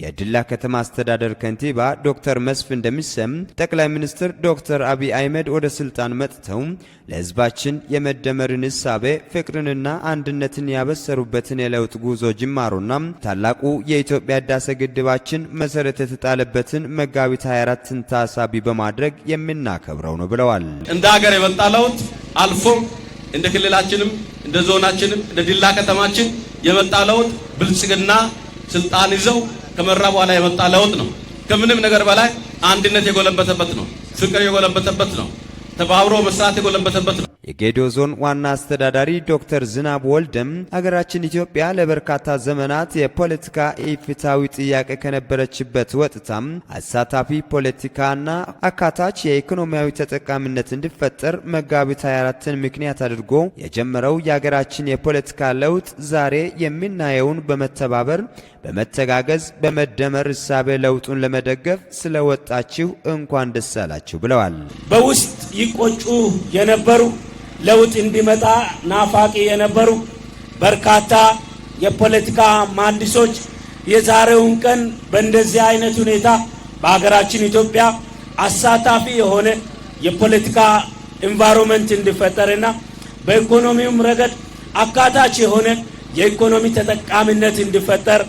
የዲላ ከተማ አስተዳደር ከንቲባ ዶክተር መስፍ እንደሚሰም ጠቅላይ ሚኒስትር ዶክተር አብይ አህመድ ወደ ስልጣን መጥተው ለህዝባችን የመደመርን እሳቤ ፍቅርንና አንድነትን ያበሰሩበትን የለውጥ ጉዞ ጅማሮና ታላቁ የኢትዮጵያ ህዳሴ ግድባችን መሰረት የተጣለበትን መጋቢት 24ን ታሳቢ በማድረግ የምናከብረው ነው ብለዋል። እንደ ሀገር የመጣ ለውጥ አልፎም እንደ ክልላችንም እንደ ዞናችንም እንደ ዲላ ከተማችን የመጣ ለውጥ ብልጽግና ስልጣን ይዘው ከመራ በኋላ የመጣ ለውጥ ነው። ከምንም ነገር በላይ አንድነት የጎለበተበት ነው። ፍቅር የጎለበተበት ነው። ተባብሮ መስራት የጎለበተበት ነው። የጌዶ ዞን ዋና አስተዳዳሪ ዶክተር ዝናብ ወልደም ሀገራችን ኢትዮጵያ ለበርካታ ዘመናት የፖለቲካ ኢፍታዊ ጥያቄ ከነበረችበት ወጥታም አሳታፊ ፖለቲካና አካታች የኢኮኖሚያዊ ተጠቃሚነት እንዲፈጠር መጋቢት 24ን ምክንያት አድርጎ የጀመረው የሀገራችን የፖለቲካ ለውጥ ዛሬ የምናየውን በመተባበር በመተጋገዝ በመደመር እሳቤ ለውጡን ለመደገፍ ስለወጣችሁ እንኳን ደስ አላችሁ ብለዋል። በውስጥ ይቆጩ የነበሩ ለውጥ እንዲመጣ ናፋቂ የነበሩ በርካታ የፖለቲካ መሐንዲሶች የዛሬውን ቀን በእንደዚህ አይነት ሁኔታ በሀገራችን ኢትዮጵያ አሳታፊ የሆነ የፖለቲካ ኢንቫይሮንመንት እንዲፈጠርና በኢኮኖሚውም ረገድ አካታች የሆነ የኢኮኖሚ ተጠቃሚነት እንዲፈጠር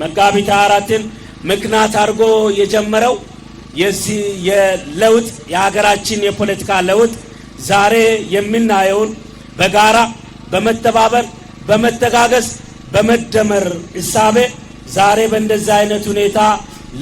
መጋቢት አራትን ምክንያት አድርጎ የጀመረው የዚህ የለውጥ የሀገራችን የፖለቲካ ለውጥ ዛሬ የምናየውን በጋራ በመተባበር በመተጋገዝ በመደመር እሳቤ ዛሬ በእንደዚህ አይነት ሁኔታ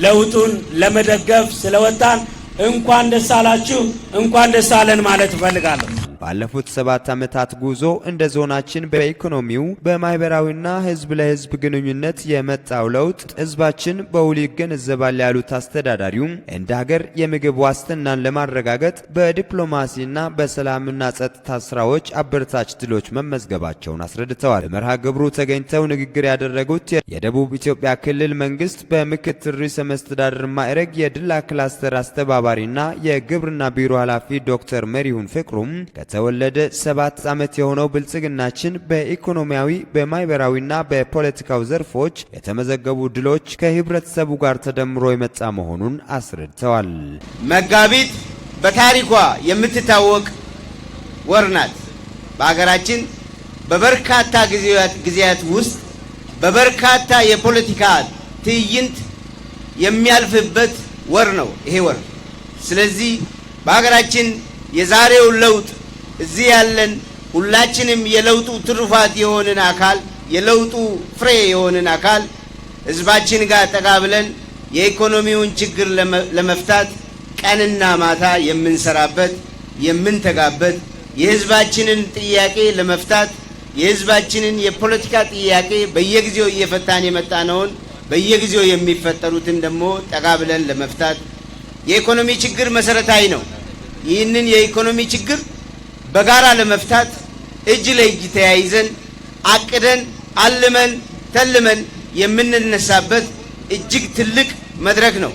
ለውጡን ለመደገፍ ስለወጣን እንኳን ደስ አላችሁ፣ እንኳን ደስ አለን ማለት እፈልጋለሁ። ባለፉት ሰባት ዓመታት ጉዞ እንደ ዞናችን በኢኮኖሚው በማኅበራዊና ሕዝብ ለህዝብ ግንኙነት የመጣው ለውጥ ህዝባችን በውል ይገነዘባል ያሉት አስተዳዳሪው እንደ ሀገር የምግብ ዋስትናን ለማረጋገጥ በዲፕሎማሲና በሰላምና ጸጥታ ስራዎች አበረታች ድሎች መመዝገባቸውን አስረድተዋል። በመርሃ ግብሩ ተገኝተው ንግግር ያደረጉት የደቡብ ኢትዮጵያ ክልል መንግስት በምክትል ርዕሰ መስተዳድር ማዕረግ የድላ ክላስተር አስተባባሪና የግብርና ቢሮ ኃላፊ ዶክተር መሪሁን ፍቅሩም ተወለደ ሰባት ዓመት የሆነው ብልጽግናችን በኢኮኖሚያዊ በማኅበራዊና በፖለቲካው ዘርፎች የተመዘገቡ ድሎች ከህብረተሰቡ ጋር ተደምሮ የመጣ መሆኑን አስረድተዋል። መጋቢት በታሪኳ የምትታወቅ ወር ናት። በሀገራችን በበርካታ ጊዜያት ውስጥ በበርካታ የፖለቲካ ትዕይንት የሚያልፍበት ወር ነው ይሄ ወር። ስለዚህ በሀገራችን የዛሬው ለውጥ እዚህ ያለን ሁላችንም የለውጡ ትሩፋት የሆንን አካል የለውጡ ፍሬ የሆንን አካል ህዝባችን ጋር ጠጋ ብለን የኢኮኖሚውን ችግር ለመፍታት ቀንና ማታ የምንሰራበት የምንተጋበት የህዝባችንን ጥያቄ ለመፍታት የህዝባችንን የፖለቲካ ጥያቄ በየጊዜው እየፈታን የመጣነውን በየጊዜው የሚፈጠሩትን ደግሞ ጠጋ ብለን ለመፍታት የኢኮኖሚ ችግር መሰረታዊ ነው። ይህንን የኢኮኖሚ ችግር በጋራ ለመፍታት እጅ ለእጅ ተያይዘን አቅደን አልመን ተልመን የምንነሳበት እጅግ ትልቅ መድረክ ነው።